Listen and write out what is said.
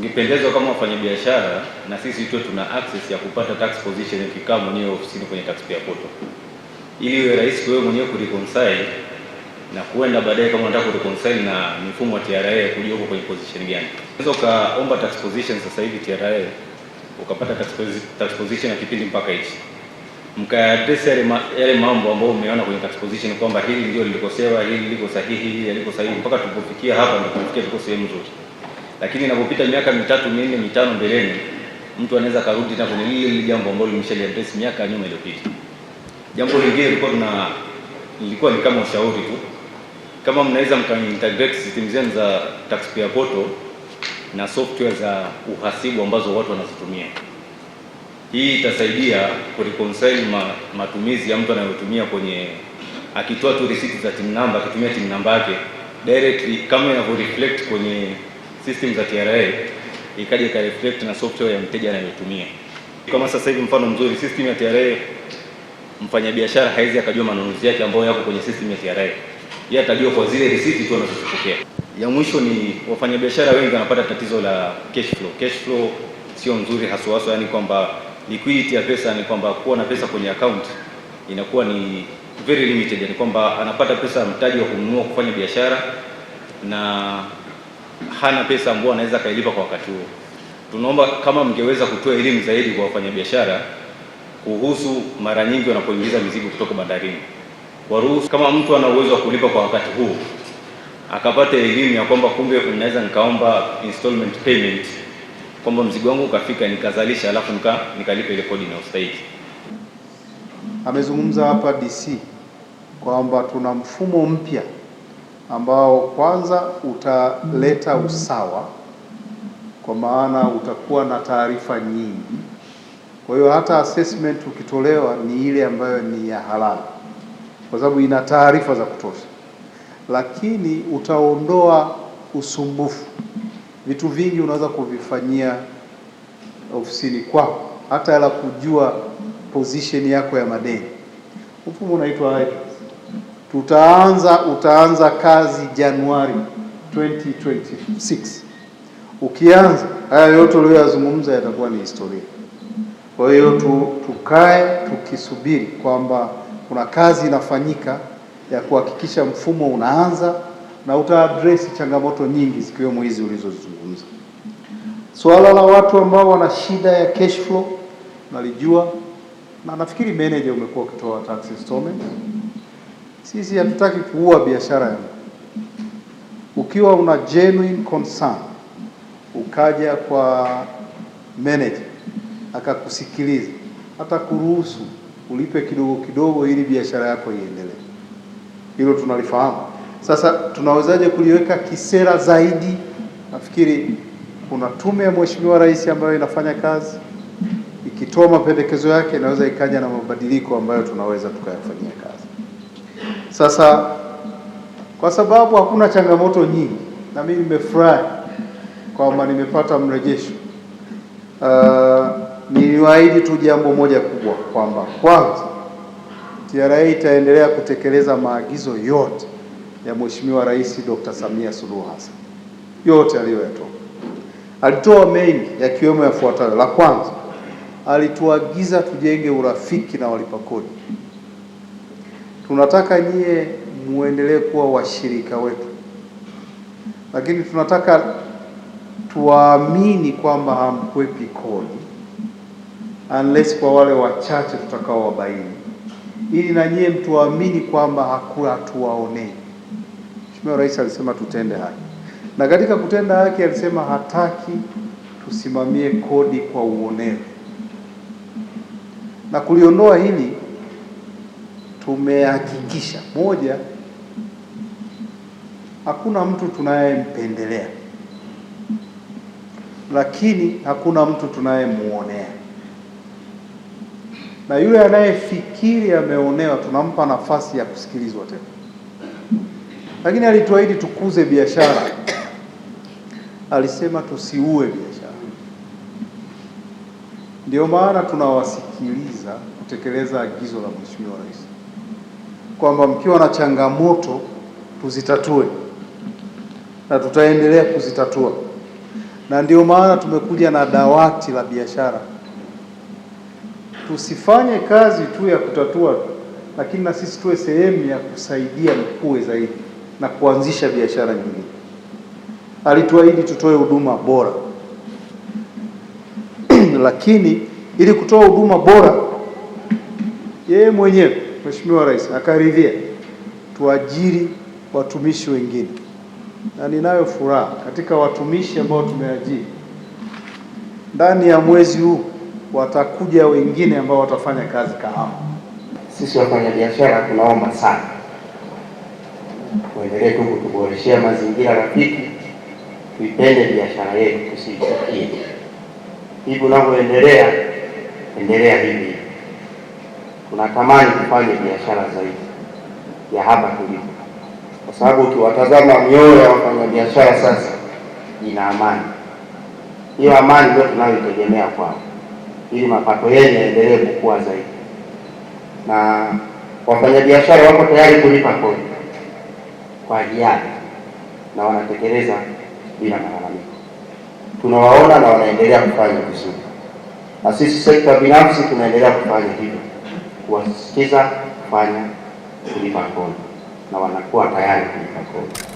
tungependezwa kama wafanyabiashara na sisi tu tuna access ya kupata tax position ukikaa mwenyewe ofisini kwenye taxpayer portal, ili iwe rahisi kwa wewe mwenyewe kureconcile na kuenda baadaye, kama unataka kureconcile na mifumo ya TRA, kujua uko kwenye position gani. Unaweza ukaomba tax position sasa hivi TRA ukapata tax position ya kipindi mpaka hichi, mkaadresi yale ma, mambo ambayo umeona kwenye tax position kwamba hili ndio lilikosewa, hili liko sahihi, hili liko sahihi, mpaka tupofikia hapa, ndio tumefikia, tuko sehemu nzuri lakini inapopita miaka mitatu minne mitano mbeleni, mtu anaweza karudi na kwenye lile lile jambo ambalo limeshaliadress miaka ya nyuma iliyopita. Jambo lingine lilikuwa tuna lilikuwa ni kama ushauri tu, kama mnaweza mkaintegrate system zenu za taxpayer portal na software za uhasibu ambazo watu wanazitumia. Hii itasaidia kureconcile ma, matumizi ya mtu anayotumia kwenye akitoa tu receipt za team number akitumia team number yake directly kama inavyo reflect kwenye system za TRA ikaja ika reflect na software ya mteja anayotumia. Kama sasa hivi mfano mzuri, system ya TRA mfanyabiashara haizi akajua manunuzi yake ambayo yako kwenye system ya TRA. Yeye atajua kwa zile receipt tu anazozipokea. Ya mwisho ni wafanyabiashara wengi wanapata tatizo la cash flow. Cash flow sio nzuri haswa haswa, yani kwamba liquidity ya pesa ni yaani kwamba kuwa na pesa kwenye account inakuwa ni very limited, yani kwamba anapata pesa mtaji wa kununua kufanya biashara na hana pesa ambayo anaweza akailipa kwa wakati huo. Tunaomba kama mngeweza kutoa elimu zaidi kwa wafanyabiashara kuhusu mara nyingi wanapoingiza mizigo kutoka bandarini, waruhusu kama mtu ana uwezo wa kulipa kwa wakati huo akapata elimu ya kwamba kumbe naweza nikaomba installment payment kwamba mzigo wangu ukafika nikazalisha, alafu nika nikalipa ile kodi inayostahili. Amezungumza hapa DC kwamba tuna mfumo mpya ambao kwanza utaleta usawa, kwa maana utakuwa na taarifa nyingi. Kwa hiyo hata assessment ukitolewa ni ile ambayo ni ya halali, kwa sababu ina taarifa za kutosha, lakini utaondoa usumbufu. Vitu vingi unaweza kuvifanyia ofisini kwako, hata la kujua position yako ya madeni. Mfumo unaitwa tutaanza utaanza kazi Januari 2026. Ukianza haya yote uliyoyazungumza yatakuwa ni historia. Kwa hiyo tu, tukae tukisubiri kwamba kuna kazi inafanyika ya kuhakikisha mfumo unaanza na utaadresi changamoto nyingi zikiwemo hizi ulizozungumza Suala la watu ambao wana shida ya cash flow nalijua, na nafikiri manager umekuwa ukitoa tax installment sisi hatutaki kuua biashara ya ukiwa una genuine concern, ukaja kwa manager akakusikiliza, hata kuruhusu ulipe kidogo kidogo ili biashara yako iendelee. Hilo tunalifahamu. Sasa tunawezaje kuliweka kisera zaidi? Nafikiri kuna tume ya Mheshimiwa Rais ambayo inafanya kazi, ikitoa mapendekezo yake inaweza ikaja na mabadiliko ambayo tunaweza tukayafanyia kazi. Sasa kwa sababu hakuna changamoto nyingi, na mimi nimefurahi kwamba nimepata mrejesho. Uh, niliwaahidi tu jambo moja kubwa kwamba kwanza TRA itaendelea kutekeleza maagizo yote ya Mheshimiwa Rais Dr. Samia Suluhu Hassan, yote aliyoyatoa. Alitoa mengi yakiwemo yafuatayo. La kwanza, alituagiza tujenge urafiki na walipa kodi tunataka nyie muendelee kuwa washirika wetu, lakini tunataka tuwaamini kwamba hamkwepi kodi unless kwa wale wachache wabaini ili na nyie mtuamini kwamba hakuna hatuwaonei. Mheshimiwa Rais alisema tutende haki, na katika kutenda haki alisema hataki tusimamie kodi kwa uonevu, na kuliondoa hili tumehakikisha moja, hakuna mtu tunayempendelea, lakini hakuna mtu tunayemuonea, na yule anayefikiri ameonewa tunampa nafasi ya kusikilizwa tena. Lakini alituahidi tukuze biashara, alisema tusiue biashara, ndio maana tunawasikiliza kutekeleza agizo la Mheshimiwa Rais kwamba mkiwa na changamoto tuzitatue, na tutaendelea kuzitatua, na ndio maana tumekuja na dawati la biashara. Tusifanye kazi tu ya kutatua, lakini na sisi tuwe sehemu ya kusaidia mkuwe zaidi na kuanzisha biashara nyingine. Alituahidi tutoe huduma bora lakini ili kutoa huduma bora yeye mwenyewe Mheshimiwa Rais akaridhia tuajiri watumishi wengine, na ninayo furaha katika watumishi ambao tumeajiri ndani ya mwezi huu watakuja wengine ambao watafanya kazi kama sisi. Wafanyabiashara tunaomba sana tuendelee tu kutuboreshea mazingira rafiki, tuipende biashara yetu, tusiichukie. Hivi unavyoendelea endelea hivi tunatamani kufanya biashara zaidi ya hapa tulipo, kwa sababu ukiwatazama mioyo ya wafanyabiashara sasa ina amani. Hiyo amani ndio tunayoitegemea kwao, ili mapato yenu yaendelee kukua zaidi, na wafanyabiashara wako tayari kulipa kodi kwa hiari na wanatekeleza bila malalamiko, tunawaona na wanaendelea kufanya vizuri, na sisi sekta binafsi tunaendelea kufanya hivyo kuwasikiza kufanya kulipa kodi na wanakuwa tayari kulipa kodi.